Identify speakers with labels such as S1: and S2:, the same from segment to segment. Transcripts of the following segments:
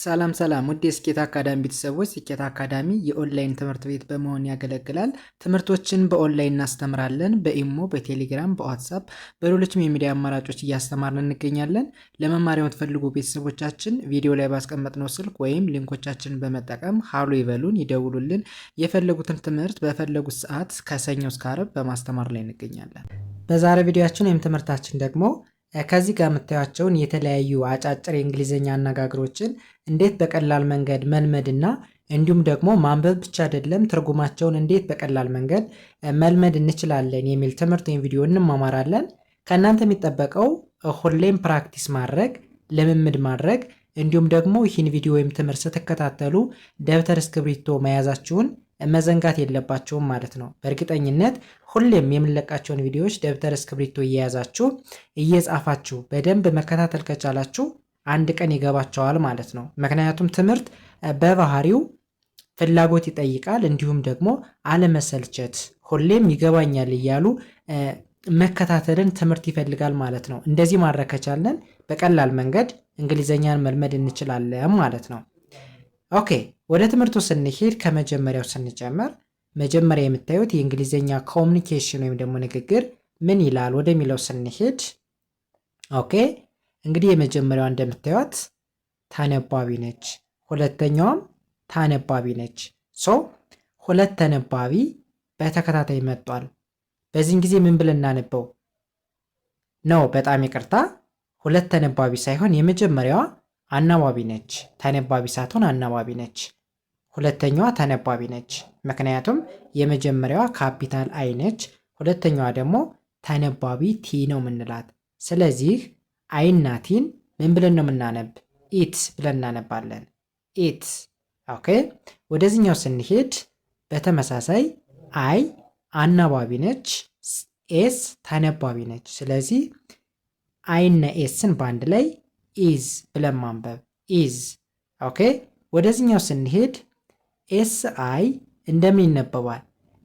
S1: ሰላም ሰላም ውድ የስኬት አካዳሚ ቤተሰቦች፣ ስኬት አካዳሚ የኦንላይን ትምህርት ቤት በመሆን ያገለግላል። ትምህርቶችን በኦንላይን እናስተምራለን። በኢሞ፣ በቴሌግራም፣ በዋትሳፕ፣ በሌሎችም የሚዲያ አማራጮች እያስተማርን እንገኛለን። ለመማሪያ የምትፈልጉ ቤተሰቦቻችን ቪዲዮ ላይ ባስቀመጥነው ስልክ ወይም ሊንኮቻችንን በመጠቀም ሀሎ ይበሉን፣ ይደውሉልን። የፈለጉትን ትምህርት በፈለጉት ሰዓት ከሰኞ እስከ አረብ በማስተማር ላይ እንገኛለን። በዛሬ ቪዲዮችን ወይም ትምህርታችን ደግሞ ከዚህ ጋር የምታያቸውን የተለያዩ አጫጭር የእንግሊዝኛ አነጋገሮችን እንዴት በቀላል መንገድ መልመድና እንዲሁም ደግሞ ማንበብ ብቻ አይደለም ትርጉማቸውን እንዴት በቀላል መንገድ መልመድ እንችላለን የሚል ትምህርት ወይም ቪዲዮ እንማማራለን። ከእናንተ የሚጠበቀው ሁሌም ፕራክቲስ ማድረግ፣ ልምምድ ማድረግ እንዲሁም ደግሞ ይህን ቪዲዮ ወይም ትምህርት ስትከታተሉ ደብተር እስክሪብቶ መያዛችሁን መዘንጋት የለባቸውም ማለት ነው። በእርግጠኝነት ሁሌም የምንለቃቸውን ቪዲዮዎች ደብተር እስክሪብቶ እየያዛችሁ እየጻፋችሁ በደንብ መከታተል ከቻላችሁ አንድ ቀን ይገባቸዋል ማለት ነው። ምክንያቱም ትምህርት በባህሪው ፍላጎት ይጠይቃል። እንዲሁም ደግሞ አለመሰልቸት፣ ሁሌም ይገባኛል እያሉ መከታተልን ትምህርት ይፈልጋል ማለት ነው። እንደዚህ ማድረግ ከቻለን በቀላል መንገድ እንግሊዘኛን መልመድ እንችላለን ማለት ነው። ኦኬ ወደ ትምህርቱ ስንሄድ ከመጀመሪያው ስንጀምር መጀመሪያ የምታዩት የእንግሊዝኛ ኮሚኒኬሽን ወይም ደግሞ ንግግር ምን ይላል ወደሚለው ስንሄድ ኦኬ እንግዲህ የመጀመሪያዋ እንደምታዩት ተነባቢ ነች። ሁለተኛውም ታነባቢ ነች። ሶ ሁለት ተነባቢ በተከታታይ መጥቷል። በዚህን ጊዜ ምን ብለን እናነበው ነው? በጣም ይቅርታ ሁለት ተነባቢ ሳይሆን የመጀመሪያዋ አናባቢ ነች። ተነባቢ ሳትሆን አናባቢ ነች። ሁለተኛዋ ተነባቢ ነች። ምክንያቱም የመጀመሪያዋ ካፒታል አይ ነች። ሁለተኛዋ ደግሞ ተነባቢ ቲ ነው የምንላት። ስለዚህ አይና ቲን ምን ብለን ነው የምናነብ? ኢት ብለን እናነባለን። ኢት ኦኬ። ወደዚኛው ስንሄድ በተመሳሳይ አይ አናባቢ ነች፣ ኤስ ተነባቢ ነች። ስለዚህ አይና ኤስን በአንድ ላይ ኢዝ ብለን ማንበብ ኢዝ። ኦኬ ወደዚህኛው ስንሄድ ኤስ አይ እንደምን ይነበባል?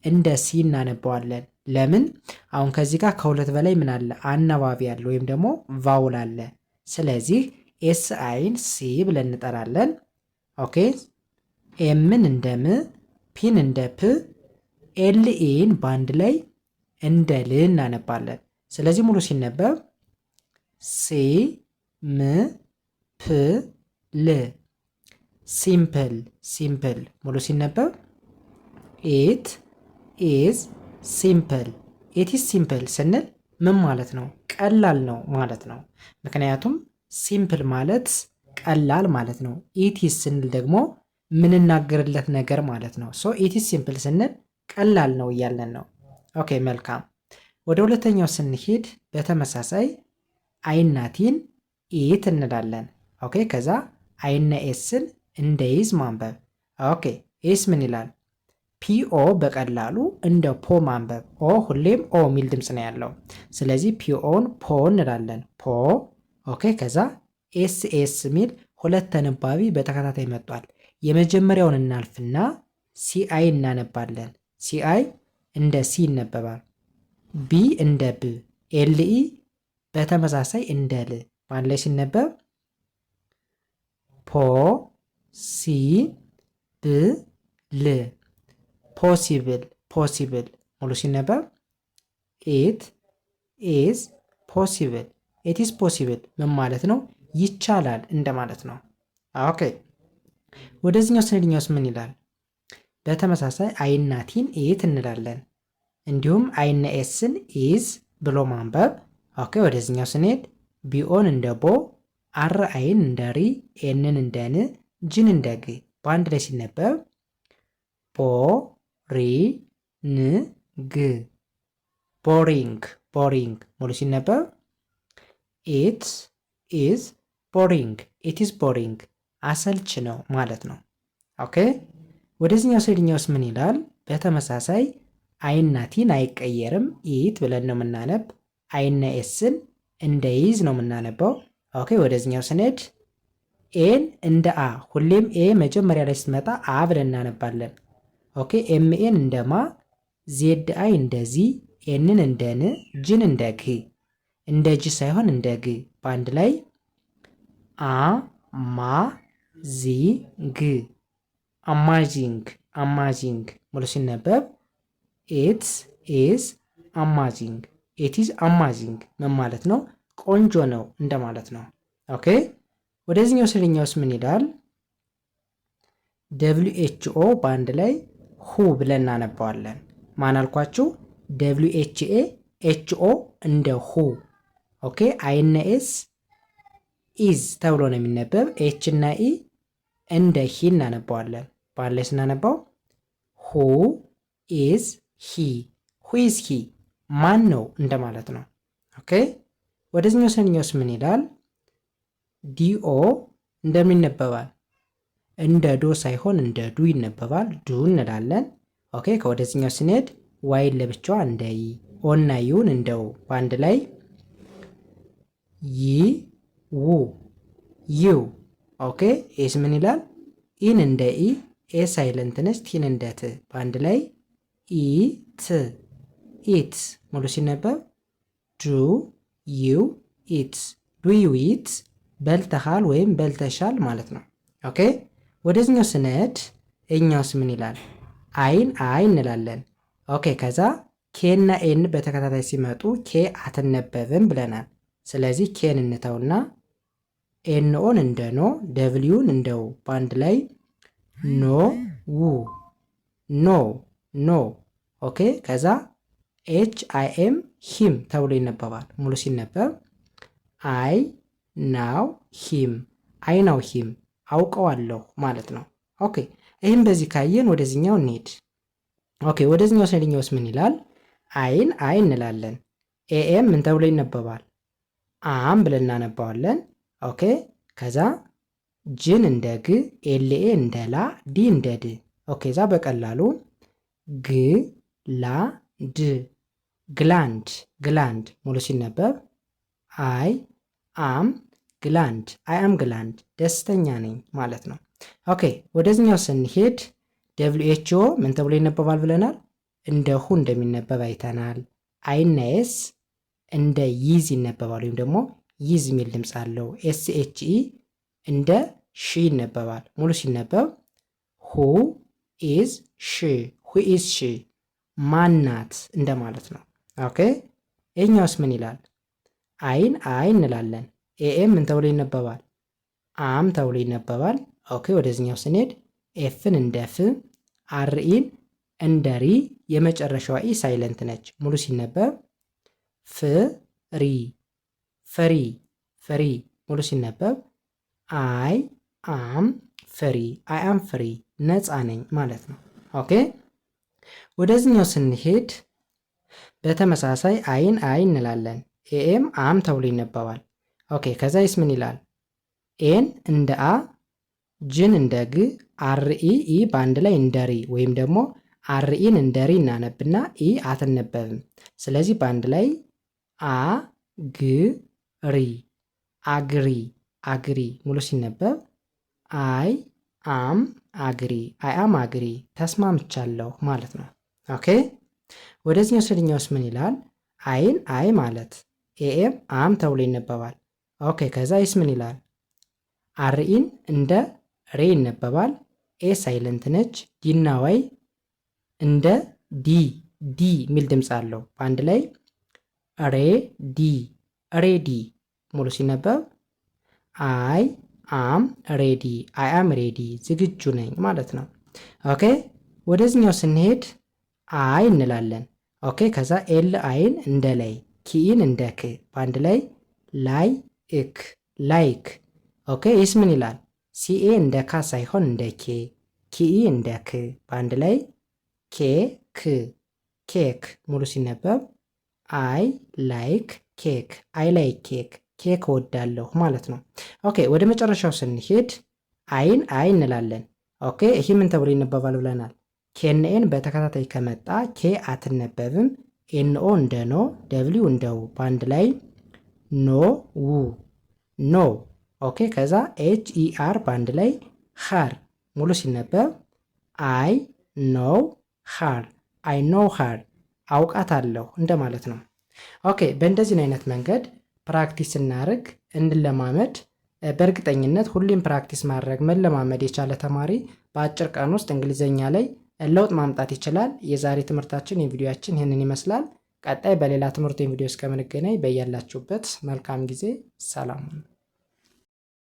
S1: እንደ ሲ እናነበዋለን። ለምን? አሁን ከዚህ ጋር ከሁለት በላይ ምን አለ? አናባቢ አለ ወይም ደግሞ ቫውል አለ። ስለዚህ ኤስ አይን ሲ ብለን እንጠራለን። ኦኬ ኤምን እንደ ም፣ ፒን እንደ ፕ፣ ኤልኢን በአንድ ላይ እንደ ል እናነባለን። ስለዚህ ሙሉ ሲነበብ ሲ ም ፕ ል ሲምፕል ሲምፕል ሙሉ ሲነበብ ኢት ኢዝ ሲምፕል ኢት ኢዝ ሲምፕል ስንል ምን ማለት ነው? ቀላል ነው ማለት ነው። ምክንያቱም ሲምፕል ማለት ቀላል ማለት ነው። ኢት ኢዝ ስንል ደግሞ ምንናገርለት ነገር ማለት ነው። ሶ ኢት ኢዝ ሲምፕል ስንል ቀላል ነው እያለን ነው። ኦኬ መልካም። ወደ ሁለተኛው ስንሄድ በተመሳሳይ አይናቲን ኢት እንላለን። ኦኬ ከዛ አይነ ኤስን እንደ ኢዝ ማንበብ። ኦኬ ኤስ ምን ይላል? ፒኦ በቀላሉ እንደ ፖ ማንበብ። ኦ ሁሌም ኦ የሚል ድምፅ ነው ያለው። ስለዚህ ፒኦን ፖ እንላለን። ፖ ኦኬ ከዛ ኤስ ኤስ የሚል ሁለት ተነባቢ በተከታታይ መጥቷል። የመጀመሪያውን እናልፍና ሲአይ እናነባለን። ሲአይ እንደ ሲ ይነበባል። ቢ እንደ ብ፣ ኤልኢ በተመሳሳይ እንደ ል በአንድ ላይ ሲነበብ ፖ ሲ ብ ል ፖሲብል ፖሲብል ሙሉ ሲነበብ ኢት ኢዝ ፖሲብል ኢት ኢዝ ፖሲብል ምን ማለት ነው? ይቻላል እንደማለት ነው። ኦኬ ወደዚህኛው ስንሄድኛውስ ምን ይላል? በተመሳሳይ አይናቲን ኢት እንላለን። እንዲሁም አይነ ኤስን ኢዝ ብሎ ማንበብ። ኦኬ ወደዚህኛው ስንሄድ ቢኦን እንደ ቦ፣ አር አይን እንደ ሪ፣ ኤንን እንደ ን፣ ጅን እንደ ግ በአንድ ላይ ሲነበብ ቦ ሪ ን ግ ቦሪንግ ቦሪንግ ሙሉ ሲነበብ ኢት ኢዝ ቦሪንግ ኢት ኢዝ ቦሪንግ አሰልች ነው ማለት ነው። ኦኬ ወደዚህኛው ስዕልኛውስ ምን ይላል? በተመሳሳይ አይና ቲን አይቀየርም ኢት ብለን ነው የምናነብ አይና ኤስን እንደ ይዝ ነው የምናነበው። ኦኬ ወደዚኛው ስንሄድ ኤን እንደ አ ሁሌም ኤ መጀመሪያ ላይ ስትመጣ አ ብለን እናነባለን። ኦኬ ኤምኤን እንደ ማ፣ ዜድ አይ እንደ ዚ፣ ኤንን እንደ ን፣ ጅን እንደ ግ፣ እንደ ጅ ሳይሆን እንደ ግ በአንድ ላይ አ ማ ዚ ግ አማዚንግ አማዚንግ ሙሉ ሲነበብ ኢትስ ኢዝ አማዚንግ ኢቲዝ አማዚንግ ምን ማለት ነው? ቆንጆ ነው እንደማለት ነው። ኦኬ ወደዚህኛው ስልኛውስ ምን ይላል? ደብሊው ኤች ኦ በአንድ ላይ ሁ ብለን እናነባዋለን። ማን አልኳችሁ? ደብሊው ኤች ኤ ኤች ኦ እንደ ሁ። ኦኬ አይነ ኤስ ኢዝ ተብሎ ነው የሚነበብ። ኤች እና ኢ እንደ ሂ እናነባዋለን። በአንድ ላይ ስናነባው ሁ ኢዝ ሂ ሁ ኢዝ ሂ ማን ነው እንደማለት ነው። ኦኬ ወደዚህኛው ስንኛውስ ምን ይላል? ዲኦ እንደምን ይነበባል? እንደ ዶ ሳይሆን እንደ ዱ ይነበባል። ዱ እንላለን። ኦኬ ከወደዚህኛው ስንሄድ ዋይን ለብቻዋ እንደ ይ፣ ኦና ዩን እንደው በአንድ ላይ ይ ው ዩ። ኦኬ ኤስ ምን ይላል? ኢን እንደ ኢ፣ ኤ ሳይለንት ነች። ቲን እንደ ት በአንድ ላይ ኢ ት ኢት ሙሉ ሲነበብ ዱ ዩ ኢት ዱ ዩ ኢት በልተሃል ወይም በልተሻል ማለት ነው። ኦኬ ወደዚኛው ስነድ እኛውስ ምን ይላል? አይን አይ እንላለን። ኦኬ ከዛ ኬ እና ኤን በተከታታይ ሲመጡ ኬ አትነበብም ብለናል። ስለዚህ ኬን እንተውና ኤንኦን እንደ ኖ ደብሊውን እንደው በአንድ ላይ ኖ ው ኖ ኖ ኦኬ ከዛ ኤች አይ ኤም ሂም ተብሎ ይነበባል። ሙሉ ሲነበብ አይ ናው ሂም አይ ናው ሂም አውቀዋለሁ ማለት ነው። ኦኬ ይህም በዚህ ካየን ወደዚኛው ኔድ ኦኬ ወደዚኛው ስንሄድኛውስ ምን ይላል? አይን አይ እንላለን። ኤኤም ምን ተብሎ ይነበባል? አም ብለን እናነባዋለን። ኦኬ ከዛ ጅን እንደ ግ፣ ኤልኤ እንደ ላ፣ ዲ እንደ ድ። ኦኬ እዛ በቀላሉ ግ ላ ድ ግላንድ ግላንድ ሙሉ ሲነበብ አይ አም ግላንድ አይ አም ግላንድ ደስተኛ ነኝ ማለት ነው። ኦኬ ወደዚኛው ስንሄድ ደብሊው ኤች ኦ ምን ተብሎ ይነበባል ብለናል። እንደ ሁ እንደሚነበብ አይተናል። አይና ኤስ እንደ ይዝ ይነበባል፣ ወይም ደግሞ ይዝ የሚል ድምፅ አለው። ኤስ ኤች ኢ እንደ ሺ ይነበባል። ሙሉ ሲነበብ ሁ ኢዝ ሺ ሁ ኢዝ ሺ ማናት እንደማለት ነው። ኦኬ ይህኛውስ ምን ይላል? አይን አይ እንላለን። ኤኤም ምን ተብሎ ይነበባል? አም ተብሎ ይነበባል። ኦኬ ወደዚህኛው ስንሄድ ኤፍን እንደ ፍ አርኢን እንደ ሪ የመጨረሻዋ ኢ ሳይለንት ነች። ሙሉ ሲነበብ ፍሪ ፍሪ ፍሪ ሙሉ ሲነበብ አይ አም ፍሪ አይ አም ፍሪ ነፃ ነኝ ማለት ነው። ኦኬ ወደዚህኛው ስንሄድ በተመሳሳይ አይን አይ እንላለን። ኤኤም አም ተብሎ ይነበባል። ኦኬ ከዛ ይስ ምን ይላል? ኤን እንደ አ፣ ጅን እንደ ግ፣ አርኢ ኢ በአንድ ላይ እንደ ሪ ወይም ደግሞ አርኢን እንደ ሪ እናነብና ኢ አትነበብም። ስለዚህ በአንድ ላይ አ ግ ሪ አግሪ አግሪ ሙሉ ሲነበብ አይ አም አግሪ አይ አም አግሪ ተስማምቻለሁ ማለት ነው። ኦኬ ወደዚህኛው ስድኛውስ ምን ይላል? አይን አይ ማለት ኤኤም አም ተብሎ ይነበባል። ኦኬ ከዛ ይስ ምን ይላል? አርኢን እንደ ሬ ይነበባል። ኤ ሳይለንት ነች። ዲና ዋይ እንደ ዲ ዲ የሚል ድምፅ አለው። በአንድ ላይ ሬ ዲ ሬዲ ሙሉ ሲነበብ አይ አም ሬዲ አይ አም ሬዲ ዝግጁ ነኝ ማለት ነው። ኦኬ ወደዚህኛው ስንሄድ አይ እንላለን። ኦኬ ከዛ ኤል አይን እንደ ላይ ኪኢን እንደ ክ በአንድ ላይ ላይ እክ ላይክ። ኦኬ ይስ ምን ይላል? ሲኤ እንደ ካ ሳይሆን እንደ ኬ ኪኢ እንደ ክ በአንድ ላይ ኬ ክ ኬክ። ሙሉ ሲነበብ አይ ላይክ ኬክ አይ ላይክ ኬክ ኬክ ወዳለሁ ማለት ነው። ኦኬ ወደ መጨረሻው ስንሄድ አይን አይ እንላለን። ኦኬ ይህ ምን ተብሎ ይነበባል ብለናል? ኬንኤን በተከታታይ ከመጣ ኬ አትነበብም። ኤንኦ እንደ ኖ፣ ደብሊው እንደ ው፣ በአንድ ላይ ኖ ው ኖ። ኦኬ። ከዛ ኤች ኢአር በአንድ ላይ ሃር። ሙሉ ሲነበብ አይ ኖው ሃር፣ አይ ኖው ሃር፣ አውቃታለሁ እንደማለት ነው። ኦኬ። በእንደዚህን አይነት መንገድ ፕራክቲስ እናርግ፣ እንለማመድ። በእርግጠኝነት ሁሌም ፕራክቲስ ማድረግ መለማመድ የቻለ ተማሪ በአጭር ቀን ውስጥ እንግሊዘኛ ላይ ለውጥ ማምጣት ይችላል። የዛሬ ትምህርታችን የቪዲዮያችን ይህንን ይመስላል። ቀጣይ በሌላ ትምህርት የቪዲዮ እስከምንገናኝ በያላችሁበት መልካም ጊዜ ሰላም